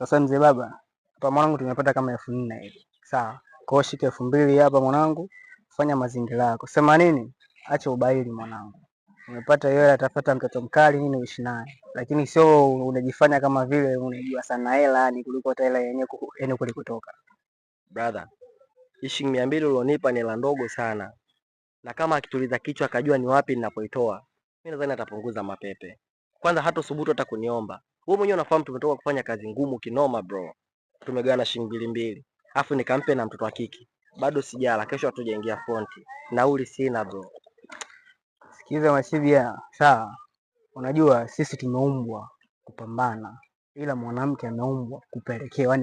Sasa mzee baba, hapa mwanangu, tumepata kama elfu nne hivi, sawa? Kwa hiyo shika elfu mbili hapa mwanangu, fanya mazingira yako. Sema nini? Acha ubaili mwanangu, umepata hiyo hela, tafuta mtoto mkali nini uishi naye, lakini sio unajifanya kama vile unajua sana hela, ni yaani kuliko hata hela yenyewe yenyewe yaani kulikotoka. Brother, ishi mia mbili ulionipa ni hela ndogo sana, na kama akituliza kichwa akajua ni wapi ninapoitoa, mimi nadhani atapunguza mapepe. Kwanza hata subutu hata kuniomba wewe mwenyewe unafahamu tumetoka kufanya kazi ngumu kinoma bro, tumegawana shilingi mbili mbili, afu nikampe na mtoto wa kike, bado sijala, kesho hatujaingia fonti, nauli sina bro. Sikiza Mashibia, sawa, unajua sisi tumeumbwa kupambana, ila mwanamke ameumbwa kupelekea, yani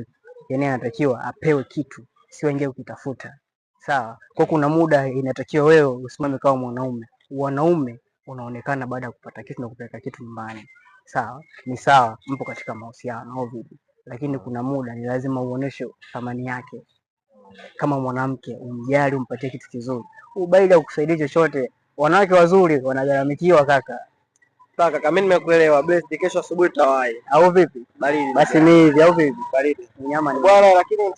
yeye yaani anatakiwa apewe kitu, si aingie kukitafuta. Sawa, kwa kuna muda inatakiwa wewe usimame kama mwanaume. Wanaume unaonekana baada ya kupata kitu na kupeleka kitu nyumbani sawa, ni sawa, mpo katika mahusiano vipi, lakini kuna muda ni lazima uoneshe thamani yake kama mwanamke, umjali, umpatie kitu kizuri. Ubaili kukusaidia chochote. Wanawake wazuri wanagaramikiwa kaka. Sawa kama mimi nimekuelewa. Blessed, kesho asubuhi tawai au vipi? Baridi. Basi ni hivi au vipi? Baridi. Nyama ni bwana, lakini